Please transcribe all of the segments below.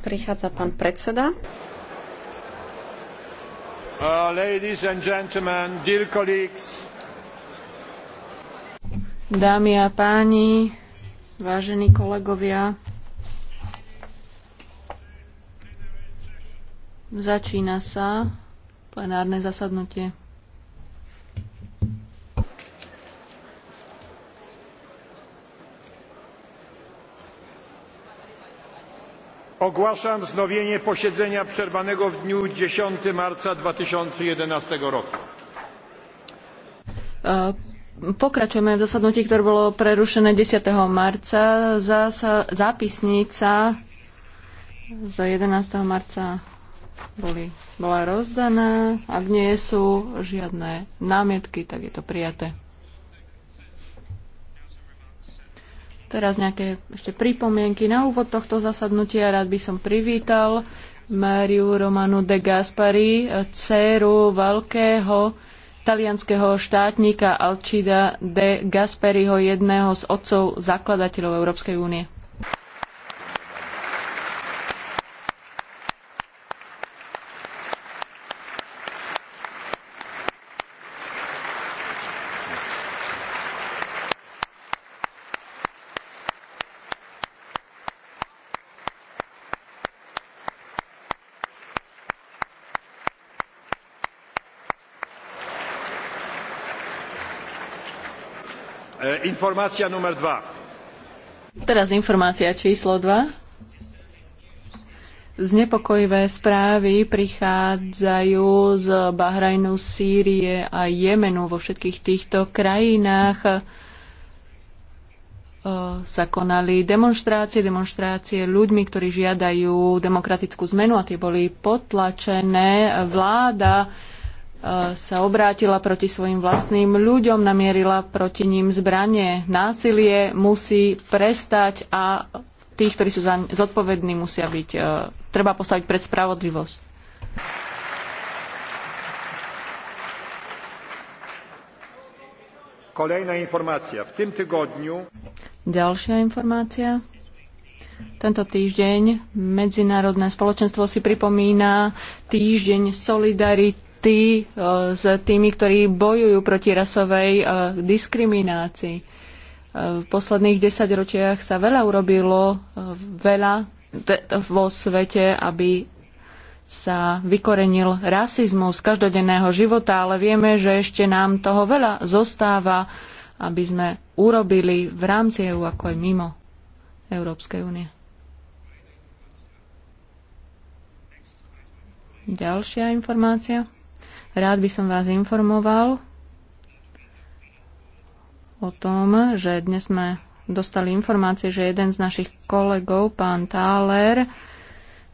Prichádza pán predseda. Uh, ladies and gentlemen, dear colleagues. Dámy a páni, vážení kolegovia, začína sa plenárne zasadnutie. Ogłaszam wznowienie posiedzenia przerwanego w dniu 10 marca 2011 roku. E, pokračujeme v zasadnutí, ktoré bolo prerušené 10. marca. Zasa, zápisnica z 11. marca boli, bola rozdaná. Ak nie sú žiadne námietky, tak je to prijaté. Teraz nejaké ešte pripomienky na úvod tohto zasadnutia. Rád by som privítal Máriu Romanu de Gaspari, dceru veľkého talianského štátnika Alcida de Gasperiho, jedného z otcov zakladateľov Európskej únie. E, informácia numer 2. Teraz informácia číslo 2. Znepokojivé správy prichádzajú z Bahrajnu, Sýrie a Jemenu. Vo všetkých týchto krajinách e, sa konali demonštrácie, demonštrácie ľuďmi, ktorí žiadajú demokratickú zmenu a tie boli potlačené. Vláda E, sa obrátila proti svojim vlastným ľuďom, namierila proti ním zbranie. Násilie musí prestať a tých, ktorí sú za zodpovední, musia byť, e, treba postaviť pred spravodlivosť. Kolejná informácia. V tým Ďalšia informácia. Tento týždeň Medzinárodné spoločenstvo si pripomína týždeň solidarity kontakty e, s tými, ktorí bojujú proti rasovej e, diskriminácii. E, v posledných desaťročiach sa veľa urobilo, veľa vo svete, aby sa vykorenil rasizmus z každodenného života, ale vieme, že ešte nám toho veľa zostáva, aby sme urobili v rámci EU ako aj mimo Európskej únie. Ďalšia informácia. Rád by som vás informoval o tom, že dnes sme dostali informácie, že jeden z našich kolegov, pán Táler,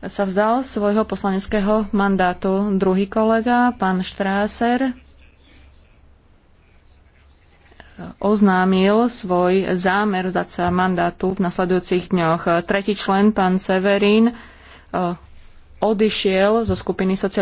sa vzdal svojho poslaneckého mandátu. Druhý kolega, pán Štráser, oznámil svoj zámer vzdať sa mandátu v nasledujúcich dňoch. Tretí člen, pán Severín, eh, odišiel zo skupiny socialistov.